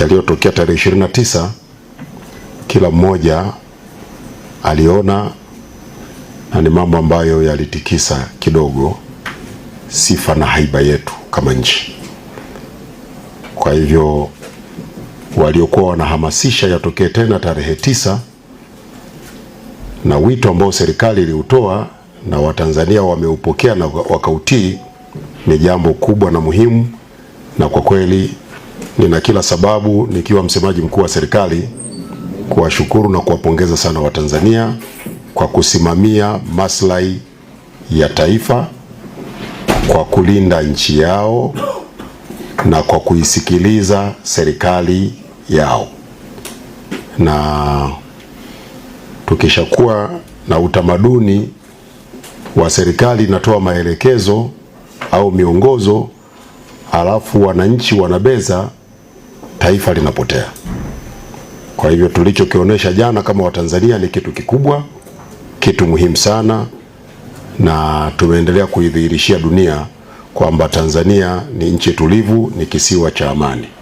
yaliyotokea tarehe 29, kila mmoja aliona na ni mambo ambayo yalitikisa kidogo sifa na haiba yetu kama nchi. Kwa hivyo waliokuwa wanahamasisha yatokee tena tarehe tisa na wito ambao serikali iliutoa na Watanzania wameupokea na wakautii, ni jambo kubwa na muhimu, na kwa kweli Nina kila sababu nikiwa msemaji mkuu wa serikali kuwashukuru na kuwapongeza sana Watanzania kwa kusimamia maslahi ya taifa, kwa kulinda nchi yao na kwa kuisikiliza serikali yao. Na tukishakuwa na utamaduni wa serikali inatoa maelekezo au miongozo, alafu wananchi wanabeza taifa linapotea. Kwa hivyo tulichokionyesha jana kama Watanzania ni kitu kikubwa, kitu muhimu sana, na tumeendelea kuidhihirishia dunia kwamba Tanzania ni nchi tulivu, ni kisiwa cha amani.